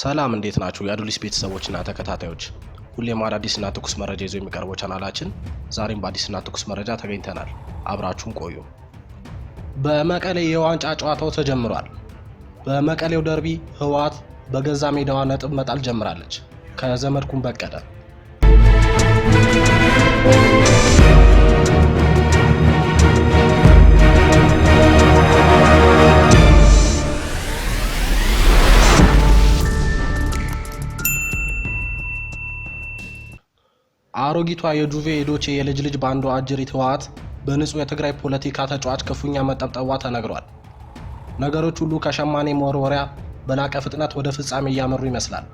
ሰላም እንዴት ናችሁ? የአዱሊስ ቤተሰቦችና ተከታታዮች ሁሌም አዳዲስና ትኩስ መረጃ ይዞ የሚቀርበው ቻናላችን ዛሬም በአዲስና ትኩስ መረጃ ተገኝተናል። አብራችሁን ቆዩ። በመቀሌ የዋንጫ ጨዋታው ተጀምሯል። በመቀሌው ደርቢ ህወሓት በገዛ ሜዳዋ ነጥብ መጣል ጀምራለች። ከዘመድኩን በቀለ አሮጊቷ የጁቬ የዶቼ የልጅ ልጅ ባንዷ አጅሪት ህወሓት በንጹህ የትግራይ ፖለቲካ ተጫዋች ክፉኛ መጠብጠቧ ተነግሯል። ነገሮች ሁሉ ከሸማኔ መወርወሪያ በላቀ ፍጥነት ወደ ፍጻሜ እያመሩ ይመስላል።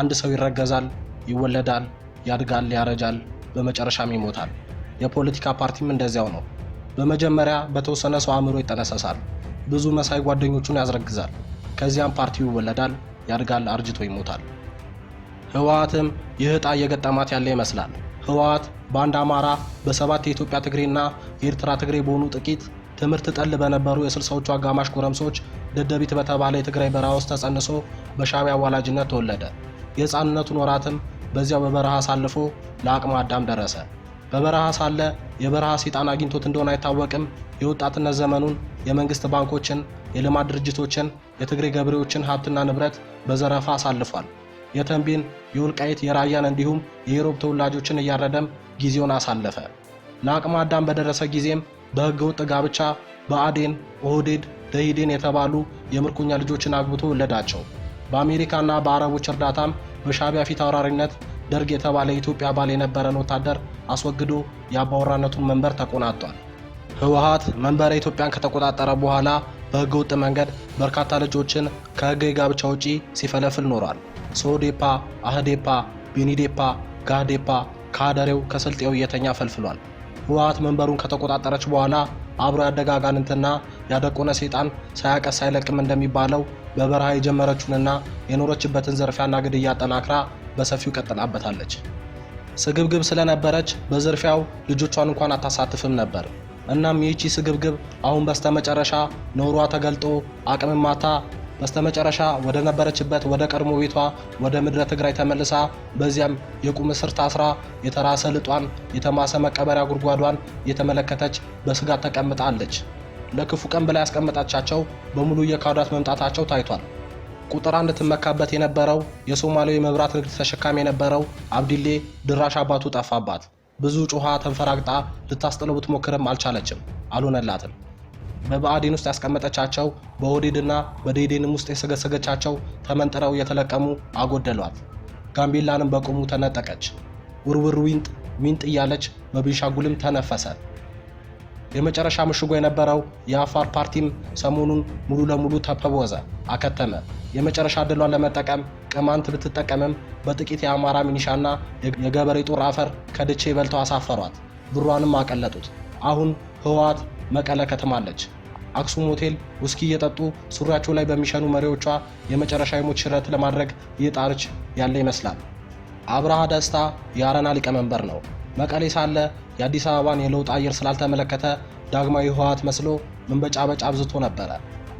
አንድ ሰው ይረገዛል፣ ይወለዳል፣ ያድጋል፣ ያረጃል፣ በመጨረሻም ይሞታል። የፖለቲካ ፓርቲም እንደዚያው ነው። በመጀመሪያ በተወሰነ ሰው አእምሮ ይጠነሰሳል፣ ብዙ መሳይ ጓደኞቹን ያስረግዛል። ከዚያም ፓርቲው ይወለዳል፣ ያድጋል፣ አርጅቶ ይሞታል። ህወሓትም ይህ ዕጣ እየገጠማት ያለ ይመስላል። ህወሓት በአንድ አማራ በሰባት የኢትዮጵያ ትግሬና የኤርትራ ትግሬ በሆኑ ጥቂት ትምህርት ጠል በነበሩ የስልሳዎቹ አጋማሽ ጎረምሶች ደደቢት በተባለ የትግራይ በረሃ ውስጥ ተጸንሶ በሻቢያ አዋላጅነት ተወለደ። የህፃንነቱን ወራትም በዚያው በበረሃ አሳልፎ ለአቅመ አዳም ደረሰ። በበረሃ ሳለ የበረሃ ሰይጣን አግኝቶት እንደሆነ አይታወቅም። የወጣትነት ዘመኑን የመንግስት ባንኮችን፣ የልማት ድርጅቶችን፣ የትግሬ ገበሬዎችን ሀብትና ንብረት በዘረፋ አሳልፏል። የተንቤን የወልቃይት የራያን እንዲሁም የኢሮብ ተወላጆችን እያረደም ጊዜውን አሳለፈ። ለአቅመ አዳም በደረሰ ጊዜም በሕገ ወጥ ጋብቻ በአዴን ኦህዴድ፣ ደሂዴን የተባሉ የምርኮኛ ልጆችን አግብቶ ወለዳቸው። በአሜሪካና በአረቦች እርዳታም በሻቢያ ፊት አውራሪነት ደርግ የተባለ የኢትዮጵያ ባል የነበረን ወታደር አስወግዶ የአባወራነቱን መንበር ተቆናጧል። ህወሀት መንበረ ኢትዮጵያን ከተቆጣጠረ በኋላ በሕገ ወጥ መንገድ በርካታ ልጆችን ከህገ ጋብቻ ውጪ ሲፈለፍል ኖሯል። ሶዴፓ፣ አህዴፓ፣ ቢኒዴፓ፣ ጋዴፓ ካደሬው ከስልጤው እየተኛ ፈልፍሏል። ህወሀት መንበሩን ከተቆጣጠረች በኋላ አብሮ ያደገ አጋንንትና ያደቆነ ሰይጣን ሳያቀስ አይለቅም እንደሚባለው በበረሃ የጀመረችውንና የኖረችበትን ዝርፊያና ግድያ አጠናክራ በሰፊው ቀጥላበታለች። ስግብግብ ስለነበረች በዝርፊያው ልጆቿን እንኳን አታሳትፍም ነበር። እናም ይህቺ ስግብግብ አሁን በስተመጨረሻ ኖሯ ተገልጦ አቅምማታ በስተመጨረሻ ወደ ነበረችበት ወደ ቀድሞ ቤቷ ወደ ምድረ ትግራይ ተመልሳ በዚያም የቁም እስር ታስራ የተራሰ ልጧን የተማሰ መቀበሪያ ጉድጓዷን የተመለከተች በስጋት ተቀምጣለች። ለክፉ ቀን ብላ ያስቀመጣቻቸው በሙሉ የካዷት መምጣታቸው ታይቷል። ቁጥር አንድ ትመካበት የነበረው የሶማሌው የመብራት ንግድ ተሸካሚ የነበረው አብዲሌ ድራሽ አባቱ ጠፋባት። ብዙ ጮኋ ተንፈራግጣ ልታስጥለው ብትሞክርም አልቻለችም፣ አልሆነላትም። በብአዴን ውስጥ ያስቀመጠቻቸው በኦህዴድና በዴዴንም ውስጥ የሰገሰገቻቸው ተመንጥረው እየተለቀሙ አጎደሏት። ጋምቤላንም በቁሙ ተነጠቀች። ውርውር ዊንጥ ዊንጥ እያለች በቤንሻንጉልም ተነፈሰ። የመጨረሻ ምሽጎ የነበረው የአፋር ፓርቲም ሰሞኑን ሙሉ ለሙሉ ተፈወዘ፣ አከተመ። የመጨረሻ ድሏን ለመጠቀም ቅማንት ብትጠቀምም በጥቂት የአማራ ሚኒሻና የገበሬ ጦር አፈር ከድቼ በልተው አሳፈሯት፣ ብሯንም አቀለጡት። አሁን ህወሓት መቀለ ከተማ አለች። አክሱም ሆቴል ውስኪ እየጠጡ ሱሪያቸው ላይ በሚሸኑ መሪዎቿ የመጨረሻ የሞት ሽረት ለማድረግ እየጣረች ያለ ይመስላል። አብርሃ ደስታ የአረና ሊቀመንበር ነው። መቀሌ ሳለ የአዲስ አበባን የለውጥ አየር ስላልተመለከተ ዳግማዊ ህወሓት መስሎ መንበጫበጫ አብዝቶ ነበረ።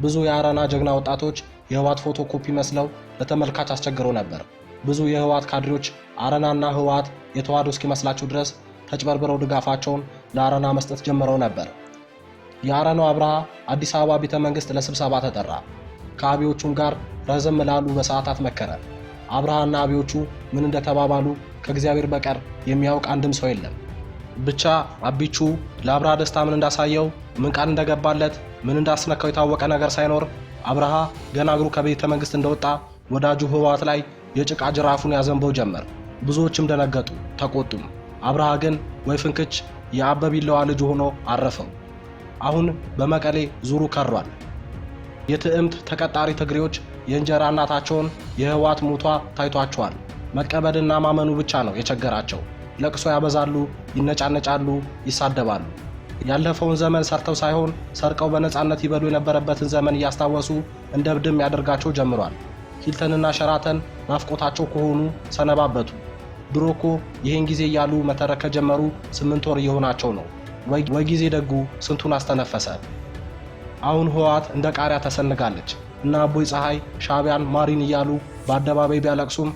ብዙ የአረና ጀግና ወጣቶች የህወሓት ፎቶ ኮፒ መስለው ለተመልካች አስቸግረው ነበር። ብዙ የህወሓት ካድሬዎች አረናና ህወሓት የተዋህዶ እስኪመስላቸው ድረስ ተጭበርብረው ድጋፋቸውን ለአረና መስጠት ጀምረው ነበር። የአረናው አብርሃ አዲስ አበባ ቤተ መንግስት ለስብሰባ ተጠራ። ከአቢዎቹም ጋር ረዘም ላሉ በሰዓታት መከረ። አብርሃና አቢዎቹ ምን እንደተባባሉ ከእግዚአብሔር በቀር የሚያውቅ አንድም ሰው የለም። ብቻ አቢቹ ለአብርሃ ደስታ ምን እንዳሳየው፣ ምን ቃል እንደገባለት፣ ምን እንዳስነካው የታወቀ ነገር ሳይኖር አብርሃ ገና እግሩ ከቤተ መንግስት እንደወጣ ወዳጁ ህወሓት ላይ የጭቃ ጅራፉን ያዘንበው ጀመር። ብዙዎችም ደነገጡ፣ ተቆጡም። አብርሃ ግን ወይ ፍንክች የአበቢለዋ ልጅ ሆኖ አረፈው። አሁን በመቀሌ ዙሩ ከሯል። የትዕምት ተቀጣሪ ትግሬዎች የእንጀራ እናታቸውን የህወሓት ሙቷ ታይቷቸዋል። መቀበልና ማመኑ ብቻ ነው የቸገራቸው። ለቅሶ ያበዛሉ፣ ይነጫነጫሉ፣ ይሳደባሉ። ያለፈውን ዘመን ሰርተው ሳይሆን ሰርቀው በነፃነት ይበሉ የነበረበትን ዘመን እያስታወሱ እንደ ብድም ያደርጋቸው ጀምሯል። ሂልተንና ሸራተን ናፍቆታቸው ከሆኑ ሰነባበቱ። ድሮኮ ይህን ጊዜ እያሉ መተረክ ከጀመሩ ስምንት ወር እየሆናቸው ነው። ወጊዜ ደጉ ስንቱን አስተነፈሰ። አሁን ህወሓት እንደ ቃሪያ ተሰንጋለች እና አቦይ ፀሐይ ሻቢያን ማሪን እያሉ በአደባባይ ቢያለቅሱም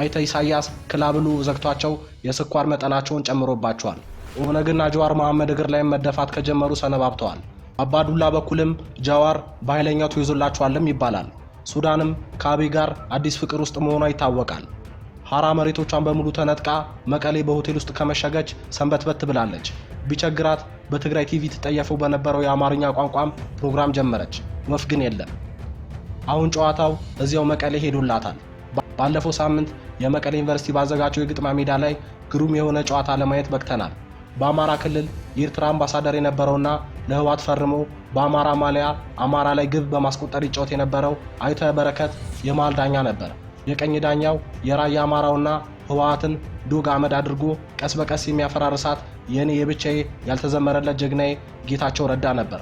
አይተ ኢሳያስ ክላብሉ ዘግቷቸው የስኳር መጠናቸውን ጨምሮባቸዋል። ኦነግና ጀዋር መሐመድ እግር ላይ መደፋት ከጀመሩ ሰነባብተዋል። አባዱላ በኩልም ጀዋር በኃይለኛው ትይዞላቸዋልም ይባላል። ሱዳንም ከአቤ ጋር አዲስ ፍቅር ውስጥ መሆኗ ይታወቃል። ሐራ መሬቶቿን በሙሉ ተነጥቃ መቀሌ በሆቴል ውስጥ ከመሸገች ሰንበትበት ብላለች። ቢቸግራት በትግራይ ቲቪ ትጠየፈው በነበረው የአማርኛ ቋንቋም ፕሮግራም ጀመረች። ወፍ ግን የለም። አሁን ጨዋታው እዚያው መቀሌ ሄዶላታል። ባለፈው ሳምንት የመቀሌ ዩኒቨርሲቲ ባዘጋጀው የግጥሚያ ሜዳ ላይ ግሩም የሆነ ጨዋታ ለማየት በቅተናል። በአማራ ክልል የኤርትራ አምባሳደር የነበረውና ለህዋት ፈርሞ በአማራ ማሊያ አማራ ላይ ግብ በማስቆጠር ይጫወት የነበረው አይተ በረከት የመሃል ዳኛ ነበር። የቀኝ ዳኛው የራያ አማራውና ህወሓትን ዶግ አመድ አድርጎ ቀስ በቀስ የሚያፈራርሳት የእኔ የብቻዬ ያልተዘመረለት ጀግናዬ ጌታቸው ረዳ ነበር።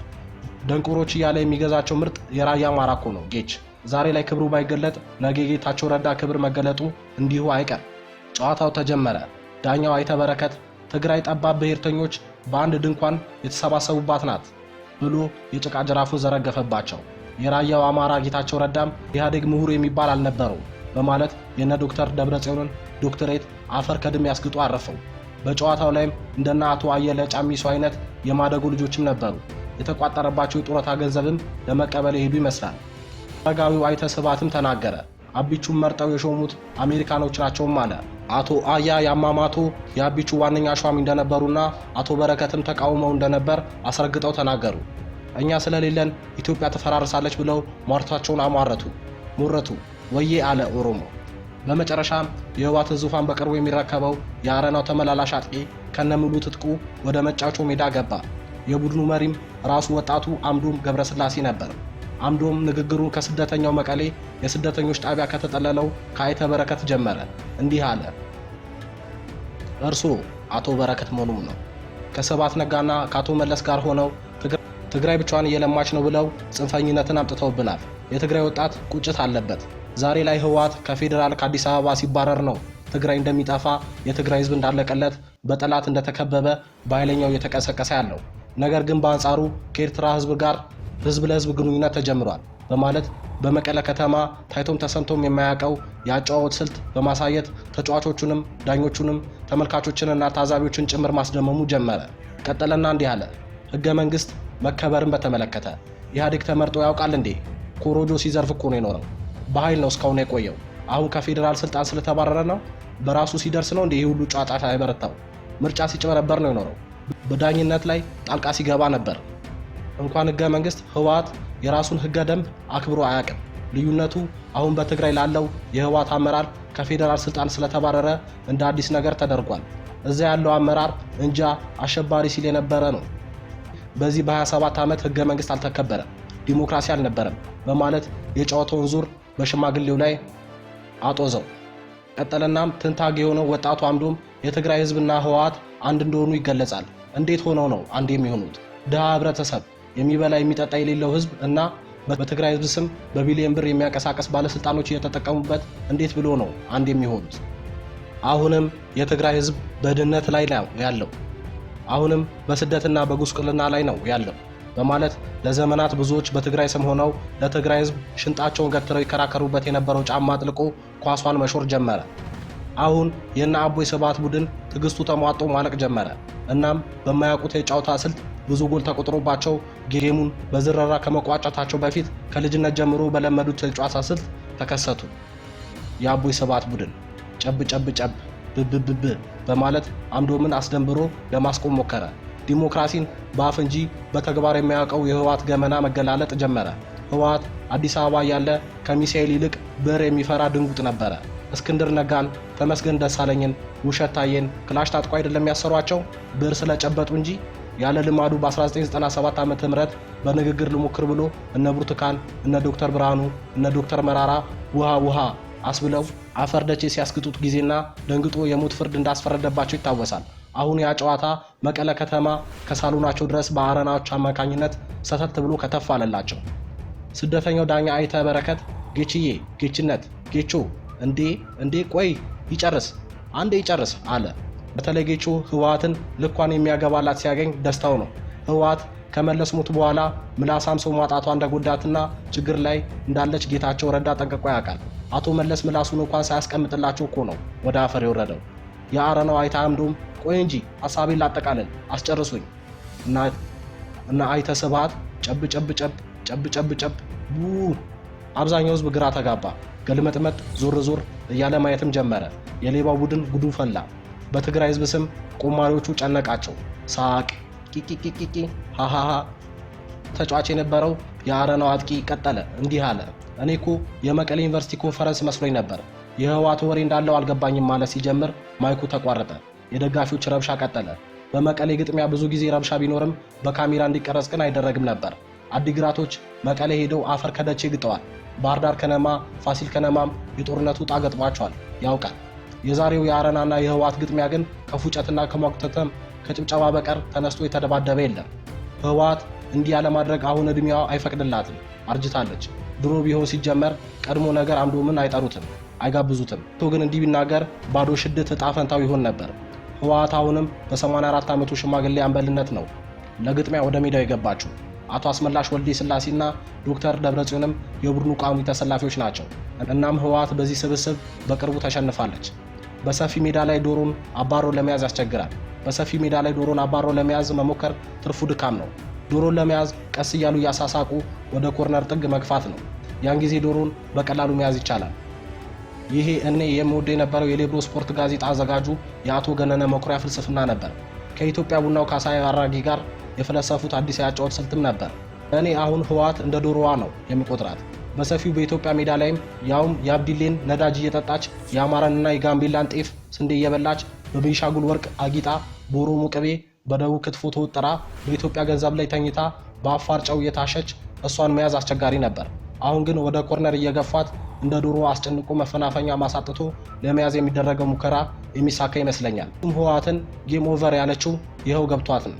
ደንቆሮች እያለ የሚገዛቸው ምርጥ የራያ አማራ እኮ ነው ጌች። ዛሬ ላይ ክብሩ ባይገለጥ ነገ ጌታቸው ረዳ ክብር መገለጡ እንዲሁ አይቀር። ጨዋታው ተጀመረ። ዳኛው አይተበረከት ትግራይ ጠባብ ብሔርተኞች በአንድ ድንኳን የተሰባሰቡባት ናት ብሎ የጭቃ ጅራፉ ዘረገፈባቸው። የራያው አማራ ጌታቸው ረዳም ኢህአዴግ ምሁር የሚባል አልነበረው። በማለት የነ ዶክተር ደብረጽዮንን ዶክትሬት አፈር ከድሜ ያስግጡ አረፈው። በጨዋታው ላይም እንደነ አቶ አየለ ጫሚሶ አይነት የማደጎ ልጆችም ነበሩ። የተቋጠረባቸው የጡረታ ገንዘብም ለመቀበል የሄዱ ይመስላል። አረጋዊው አይተ ስባትም ተናገረ። አቢቹን መርጠው የሾሙት አሜሪካኖች ናቸውም አለ። አቶ አያ ያማማቶ የአቢቹ ዋነኛ ሿሚ እንደነበሩና አቶ በረከትም ተቃውመው እንደነበር አስረግጠው ተናገሩ። እኛ ስለሌለን ኢትዮጵያ ትፈራርሳለች ብለው ሟርታቸውን አሟረቱ ሞረቱ። ወዬ አለ ኦሮሞ። በመጨረሻም የህወሓትን ዙፋን በቅርቡ የሚረከበው የአረናው ተመላላሽ አጥቂ ከነሙሉ ትጥቁ ወደ መጫወቻ ሜዳ ገባ። የቡድኑ መሪም ራሱ ወጣቱ አምዶም ገብረስላሴ ነበር። አምዶም ንግግሩን ከስደተኛው መቀሌ የስደተኞች ጣቢያ ከተጠለለው ከአይተ በረከት ጀመረ። እንዲህ አለ። እርስዎ አቶ በረከት መሆኑ ነው ከሰባት ነጋና ከአቶ መለስ ጋር ሆነው ትግራይ ብቻዋን እየለማች ነው ብለው ጽንፈኝነትን አምጥተውብናል። የትግራይ ወጣት ቁጭት አለበት። ዛሬ ላይ ህወሓት ከፌዴራል ከአዲስ አበባ ሲባረር ነው ትግራይ እንደሚጠፋ የትግራይ ህዝብ እንዳለቀለት በጠላት እንደተከበበ በኃይለኛው እየተቀሰቀሰ ያለው። ነገር ግን በአንጻሩ ከኤርትራ ህዝብ ጋር ህዝብ ለህዝብ ግንኙነት ተጀምሯል በማለት በመቀለ ከተማ ታይቶም ተሰምቶም የማያውቀው የአጨዋወት ስልት በማሳየት ተጫዋቾቹንም ዳኞቹንም ተመልካቾችንና ታዛቢዎችን ጭምር ማስደመሙ ጀመረ። ቀጠለና እንዲህ አለ። ህገ መንግስት መከበርን በተመለከተ ኢህአዴግ ተመርጦ ያውቃል እንዴ? ኮሮጆ ሲዘርፍ እኮ ነው የኖረው። በኃይል ነው እስካሁን የቆየው። አሁን ከፌዴራል ስልጣን ስለተባረረ ነው በራሱ ሲደርስ ነው እንደ ሁሉ ጫጫታ የበረታው። ምርጫ ሲጭበረበር ነው የኖረው። በዳኝነት ላይ ጣልቃ ሲገባ ነበር። እንኳን ህገ መንግስት ህወሓት የራሱን ህገ ደንብ አክብሮ አያውቅም። ልዩነቱ አሁን በትግራይ ላለው የህወሓት አመራር ከፌዴራል ስልጣን ስለተባረረ እንደ አዲስ ነገር ተደርጓል። እዛ ያለው አመራር እንጃ አሸባሪ ሲል የነበረ ነው። በዚህ በ27 ዓመት ህገ መንግስት አልተከበረም፣ ዲሞክራሲ አልነበረም በማለት የጨዋታውን ዙር በሽማግሌው ላይ አጦዘው። ቀጠለናም ትንታግ የሆነው ወጣቱ አምዶም የትግራይ ህዝብና ህወሓት አንድ እንደሆኑ ይገለጻል። እንዴት ሆነው ነው አንድ የሚሆኑት? ድሃ ህብረተሰብ፣ የሚበላ የሚጠጣ የሌለው ህዝብ እና በትግራይ ህዝብ ስም በቢሊየን ብር የሚያንቀሳቀስ ባለስልጣኖች እየተጠቀሙበት እንዴት ብሎ ነው አንድ የሚሆኑት? አሁንም የትግራይ ህዝብ በድህነት ላይ ነው ያለው። አሁንም በስደትና በጉስቁልና ላይ ነው ያለው። በማለት ለዘመናት ብዙዎች በትግራይ ስም ሆነው ለትግራይ ህዝብ ሽንጣቸውን ገትረው ይከራከሩበት የነበረው ጫማ አጥልቆ ኳሷን መሾር ጀመረ። አሁን የነ አቦይ ስብሃት ቡድን ትዕግስቱ ተሟጦ ማለቅ ጀመረ። እናም በማያውቁት የጫውታ ስልት ብዙ ጎል ተቆጥሮባቸው ጌሙን በዝረራ ከመቋጨታቸው በፊት ከልጅነት ጀምሮ በለመዱት የጨዋታ ስልት ተከሰቱ። የአቦይ ስብሃት ቡድን ጨብ ጨብ ጨብ ብብብብ በማለት አምዶምን አስደንብሮ ለማስቆም ሞከረ። ዲሞክራሲን በአፍ እንጂ በተግባር የሚያውቀው የህወሓት ገመና መገላለጥ ጀመረ። ህወሓት አዲስ አበባ ያለ ከሚሳኤል ይልቅ ብር የሚፈራ ድንጉጥ ነበረ። እስክንድር ነጋን፣ ተመስገን ደሳለኝን፣ ውሸታየን ታዬን ክላሽ ታጥቆ አይደለም ያሰሯቸው ብር ስለጨበጡ እንጂ ያለ ልማዱ በ1997 ዓ ም በንግግር ልሞክር ብሎ እነ ብርቱካን እነ ዶክተር ብርሃኑ እነ ዶክተር መራራ ውሃ ውሃ አስብለው አፈርደቼ ሲያስግጡት ጊዜና ደንግጦ የሞት ፍርድ እንዳስፈረደባቸው ይታወሳል። አሁን ያ ጨዋታ መቀለ ከተማ ከሳሎናቸው ድረስ በአረናዎች አማካኝነት ሰተት ብሎ ከተፍ አለላቸው። ስደተኛው ዳኛ አይተ በረከት ጌችዬ፣ ጌችነት፣ ጌቾ እንዴ እንዴ፣ ቆይ ይጨርስ፣ አንዴ ይጨርስ አለ። በተለይ ጌቾ ህወሓትን ልኳን የሚያገባላት ሲያገኝ ደስታው ነው። ህወሓት ከመለስሙት በኋላ ምላሳም ሰው ማጣቷ እንደጎዳትና ችግር ላይ እንዳለች ጌታቸው ረዳ ጠንቅቆ ያውቃል። አቶ መለስ ምላሱን እንኳን ሳያስቀምጥላቸው እኮ ነው ወደ አፈር የወረደው። የአረናው አይተ አምዶም ቆይ እንጂ ሀሳቤን ላጠቃለል አስጨርሱኝ። እና አይተ ስብሃት ጨብ ጨብ ጨብ ጨብ ጨብ ጨብ አብዛኛው ህዝብ ግራ ተጋባ። ገልመጥመጥ ዞር ዞር እያለ ማየትም ጀመረ። የሌባው ቡድን ጉዱ ፈላ። በትግራይ ህዝብ ስም ቁማሪዎቹ ጨነቃቸው። ሳቅ ቂቂቂቂቂ ሀሃሃ ተጫዋች የነበረው የአረናው አጥቂ ቀጠለ። እንዲህ አለ። እኔ እኮ የመቀሌ ዩኒቨርሲቲ ኮንፈረንስ መስሎኝ ነበር። የህዋት ወሬ እንዳለው አልገባኝም ማለት ሲጀምር ማይኩ ተቋረጠ። የደጋፊዎች ረብሻ ቀጠለ። በመቀሌ ግጥሚያ ብዙ ጊዜ ረብሻ ቢኖርም በካሜራ እንዲቀረጽ ግን አይደረግም ነበር። አዲግራቶች መቀሌ ሄደው አፈር ከደቼ ግጠዋል። ባህርዳር ከነማ፣ ፋሲል ከነማም የጦርነቱ ጣ ገጥሟቸዋል ያውቃል። የዛሬው የአረናና የህወሓት ግጥሚያ ግን ከፉጨትና ከሟኩተተም ከጭብጨባ በቀር ተነስቶ የተደባደበ የለም። ህወሓት እንዲህ ያለማድረግ አሁን ዕድሜዋ አይፈቅድላትም፣ አርጅታለች። ድሮ ቢሆን ሲጀመር ቀድሞ ነገር አምዶምን አይጠሩትም፣ አይጋብዙትም። ቶ ግን እንዲህ ቢናገር ባዶ ሽድት እጣ ፈንታው ይሆን ነበር። ህወሓት አሁንም በ84 ዓመቱ ሽማግሌ አምበልነት ነው ለግጥሚያ ወደ ሜዳው የገባችው። አቶ አስመላሽ ወልዴ ስላሴና ዶክተር ደብረጽዮንም የቡድኑ ቋሚ ተሰላፊዎች ናቸው። እናም ህወሓት በዚህ ስብስብ በቅርቡ ተሸንፋለች። በሰፊ ሜዳ ላይ ዶሮን አባሮ ለመያዝ ያስቸግራል። በሰፊ ሜዳ ላይ ዶሮን አባሮ ለመያዝ መሞከር ትርፉ ድካም ነው። ዶሮን ለመያዝ ቀስ እያሉ እያሳሳቁ ወደ ኮርነር ጥግ መግፋት ነው። ያን ጊዜ ዶሮን በቀላሉ መያዝ ይቻላል። ይሄ እኔ የምወደ የነበረው የሌብሮ ስፖርት ጋዜጣ አዘጋጁ የአቶ ገነነ መኩሪያ ፍልስፍና ነበር። ከኢትዮጵያ ቡናው ካሳይ አራጊ ጋር የፈለሰፉት አዲስ ያጫወት ስልትም ነበር። እኔ አሁን ህወሓት እንደ ዶሮዋ ነው የሚቆጥራት። በሰፊው በኢትዮጵያ ሜዳ ላይም ያውም የአብዲሌን ነዳጅ እየጠጣች የአማራንና የጋምቤላን ጤፍ ስንዴ እየበላች በቤንሻጉል ወርቅ አጊጣ በኦሮሞ ቅቤ በደቡብ ክትፎ ተወጥራ በኢትዮጵያ ገንዘብ ላይ ተኝታ በአፋር ጨው እየታሸች እሷን መያዝ አስቸጋሪ ነበር። አሁን ግን ወደ ኮርነር እየገፏት እንደ ዶሮ አስጨንቆ መፈናፈኛ ማሳጥቶ ለመያዝ የሚደረገው ሙከራ የሚሳካ ይመስለኛል። ም ህወሓትን ጌም ኦቨር ያለችው ይኸው ገብቷት ነው።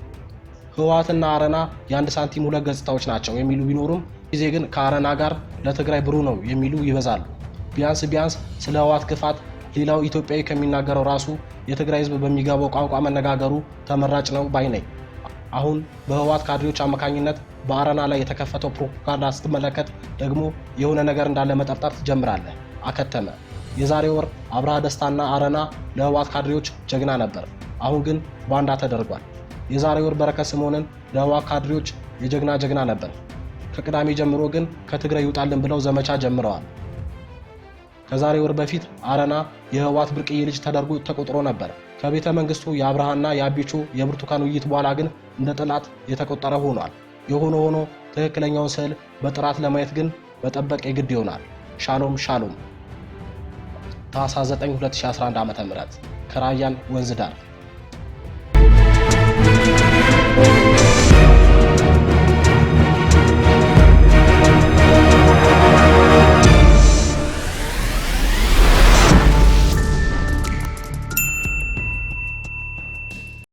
ህወሓትና አረና የአንድ ሳንቲም ሁለት ገጽታዎች ናቸው የሚሉ ቢኖሩም ጊዜ ግን ከአረና ጋር ለትግራይ ብሩ ነው የሚሉ ይበዛሉ። ቢያንስ ቢያንስ ስለ ህወሓት ክፋት ሌላው ኢትዮጵያዊ ከሚናገረው ራሱ የትግራይ ህዝብ በሚገባው ቋንቋ መነጋገሩ ተመራጭ ነው ባይ ነኝ። አሁን በህወሓት ካድሬዎች አማካኝነት በአረና ላይ የተከፈተው ፕሮፓጋንዳ ስትመለከት ደግሞ የሆነ ነገር እንዳለ መጠርጠር ትጀምራለህ። አከተመ። የዛሬ ወር አብርሃ ደስታና አረና ለህወሓት ካድሬዎች ጀግና ነበር፣ አሁን ግን ባንዳ ተደርጓል። የዛሬ ወር በረከት ስምኦንን ለህወሓት ካድሬዎች የጀግና ጀግና ነበር፣ ከቅዳሜ ጀምሮ ግን ከትግራይ ይውጣልን ብለው ዘመቻ ጀምረዋል። ከዛሬ ወር በፊት አረና የህወሓት ብርቅዬ ልጅ ተደርጎ ተቆጥሮ ነበር። ከቤተ መንግስቱ የአብርሃና የአቢቹ የብርቱካን ውይይት በኋላ ግን እንደ ጠላት የተቆጠረ ሆኗል። የሆነ ሆኖ ትክክለኛውን ስዕል በጥራት ለማየት ግን መጠበቅ የግድ ይሆናል። ሻሎም ሻሎም። ታኅሳስ 9 2011 ዓ.ም ከራያን ወንዝ ዳር